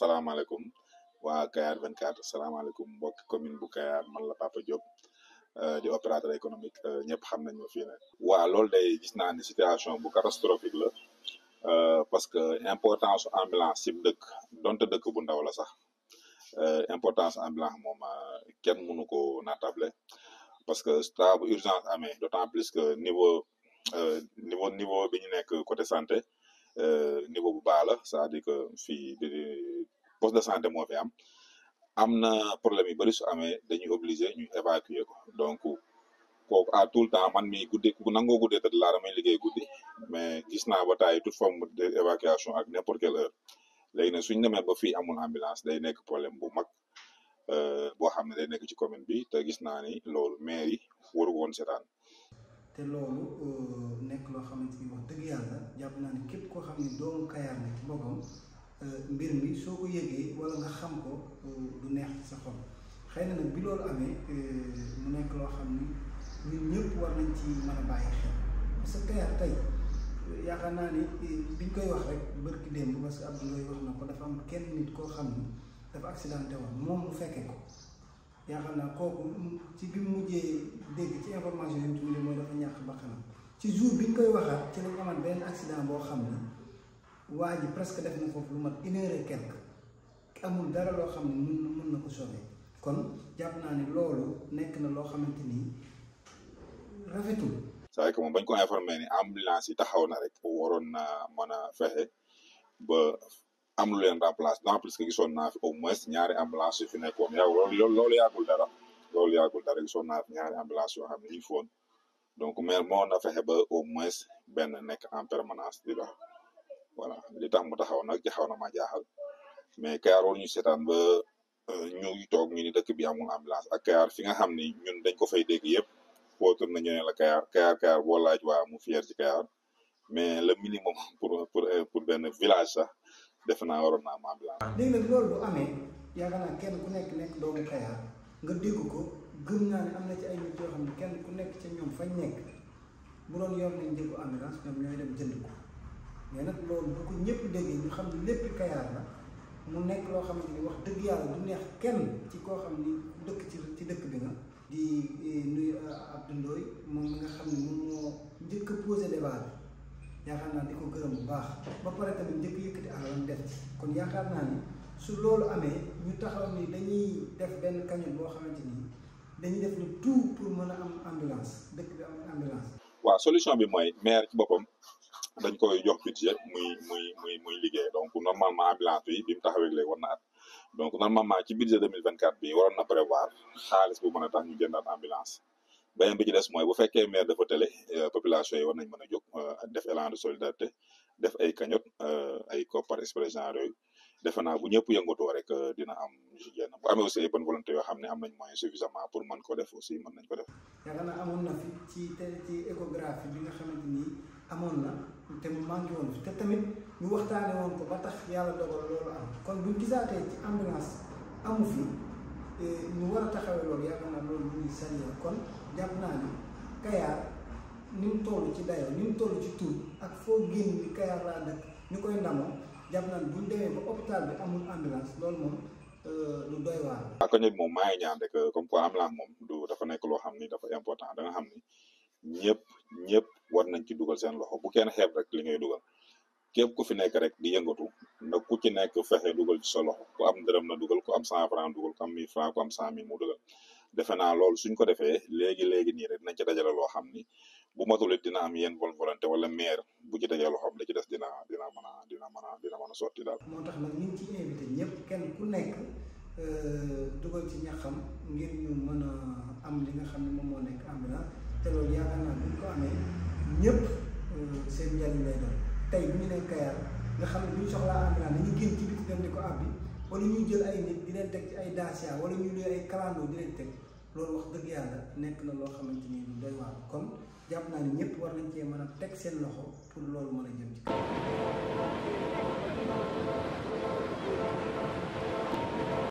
salaamaaleykum waa Kayar 24 salaamaaleykum mbokki commune bu Kayar man la Papa Diop euh, di opérateur économique euh, ñëpp xam nañu ma fii ne waaw loolu day gis naa ne situation bu catastrophique la euh, parce que importance blance ci dëkk donte dëkk bu ndaw la sax importance en ambulance moom kenn mënu ko naatable parce que saa bu urgence amee d'autant plus que niveau niveau niveau bi ñu nekk côté santé Euh, niveau bu baax la c'est-à-dire que fii poste de santé moo fi am am na problème i bëri su amee dañuy obligé ñu évacuer ko donc kooku à tout le temps man mi guddi ku nangoo guddee tëdd laa damay liggéey guddi mais gis naa ba taay toute forme évacuation ak n'importe quelle heure léegi nag suñ demee ba fii amul ambulance day nekk problème bu mag euh, boo xam ne day nekk ci commune bi te gis naa ni loolu maire yi waru woon seetaan te loolu euh, nekk loo xamante ni wax dëgg yàlla jàpp naa ne képp koo xam ne doomu Kayaar la ci boppam euh, mbir mi soo ko yëgee wala nga xam ko euh, du neex ci sa xol xëy na nag bi loolu amee nekk loo xam ni ñun ñëpp war nañ ci mën yaakaar naa ne biñ koy wax rek bërki démb parce que Abdoulaye wax na ko dafa am kenn nit koo xam ni dafa accidenté woon moom mu fekkee ko yaakaar naa kooku ci bi mu mujjee dégg ci information yi mu tuddee mooy dafa ñàkk bakkanam ci jour bi ñu koy waxaat ci lañ amal benn accident boo xam ne waa ji presque def na foofu lu mat une heure quelque amul dara loo xam ne mun mun na ko sauver kon jàpp naa ne loolu nekk na loo xamante ni rafetul. saa que moom bañ ko informé ni ambulance yi taxaw na rek waroon na mën a fexe ba am lu leen remplace en plus que gisoon naa fi au moins ñaari ambulance yu fi nekkoon yàggul loolu loolu yàggul dara loolu yàggul dara gisoon naa fi ñaari ambulance yoo xam ne ñu foon donc maire moo na fexe ba au moins benn nekk en permanence di dox voilà li tax mu taxaw nag ci xaw na ma jaaxal mais Kayar war ñu seetaan ba ñu eh, toog ñu ni dëkk bi amul ambulance ak Kayar fi nga xam ni ñun dañ ko fay dégg yëpp foo na ñu ne la Kayar Kayar Kayar boo laaj waa mu fier ci Kayar mais le minimum pour pour eh, pour benn village sax defe naa waroon naa ma ambulance. dégg nag loolu bu amee yaakaar naa kenn ku nekk nekk doomu Kayar nga dégg ko gëm naa ne am na ci ay nit yoo xam ne kenn ku nekk ca ñoom fañ nekk bu doon yor nañ njëgu ambulance ñoom ñooy dem jënd ko mais nag loolu bu ko ñëpp déggee ñu xam ne lépp Kayar la mu nekk loo xamante ni wax dëgg yàlla du neex kenn ci koo xam ni dëkk ci ci dëkk bi nga. di eh, nuyu eh, Abdou Ndoye moom mi nga xam ne moom moo njëkk a posé débat yaakaar naa di ko gërëm bu baax ba pare tamit njëkk yëkkati alalam def kon yaakaar naa ni su loolu amee ñu taxaw ni dañuy def benn kañu boo xamante ni dañuy def lu tout pour mën a am ambulance dëkk bi am ambulance. waaw solution bi mooy maire ci boppam dañ koy jox budget muy muy muy muy liggéey donc normalement ambulance bi bi tax taxawee léegi war na at donc normalement ci budget 2024 bi waroon na prévoir xaalis bu mën a tax ñu jëndaat ambulance. beneen bi ci des mooy bu fekkee maire dafa télé euh, population yi war nañ mën a jóg euh, def élan de def ay cagnotte euh, ay coopar exprès yooyu defe naa bu ñëpp yëngatoo rek dina am yenn bu amee aussi ay bonne volonté yoo xam ne am nañ moyen suffisamment pour mën ko def aussi mën nañ ko def. yaakaar naa amoon na fi ci ci échographie bi ni amoon na te mu manqué te tamit ñu waxtaanee woon ko ba tax yàlla dogal loolu am kon buñ gisaatee ci ambulance amu fi. ñu war a taxawee loolu yaakaar naa loolu lu ñuy saluer kon jàpp naa ni Kayar ni mu ci dayoo ni mu ci tur ak foo génn bi Kayar laa dëkk ñu koy ndamoo jàpp naa bu ñu demee ba hôpital bi moom euh, lu doy waar. waaw kon moom maa rek euh, comme quoi ambulance moom dafa nekk loo xam ni dafa important da nga xam ni ñëpp ñëpp war nañ ci dugal seen loxo bu kenn xeeb rek li ngay dugal. képp ku fi nekk rek di yëngatu na ku ci nekk fexe dugal ci sa loxo ku am dërëm na dugal ko am cent franc dugal ku am mille franc ku am cent mille mu dugal defe naa loolu suñ ko defee léegi léegi nii rek nañ ci dajale loo xam ni bu matulit dina am yenn bonne volonté wala maire bu ci dajale loo xam la ci des dina dina mën a dina mën a dina mën a sotti daal. moo tax nag ñu ngi ciy invité ñëpp ku nekk euh, dugal ci ñaxam ngir ñu mën a am li xam ne moom moo nekk ambulance te loolu yaakaar naa bu ko amee ñëpp euh, seen njëriñ lay tey bu ñu nee Kayar nga xam ne bu ñu soxlaa engrais dañuy génn ci biti dem di ko àbbi wala ñuy jël ay nit di teg ci ay dacia wala ñuy luy ay kalandoo di leen teg loolu wax dëgg yàlla nekk na loo xamante ni lu doy waar kon jàpp naa ne ñëpp war nañ cee mën a teg seen loxo pour loolu mën a jëm ci kaw.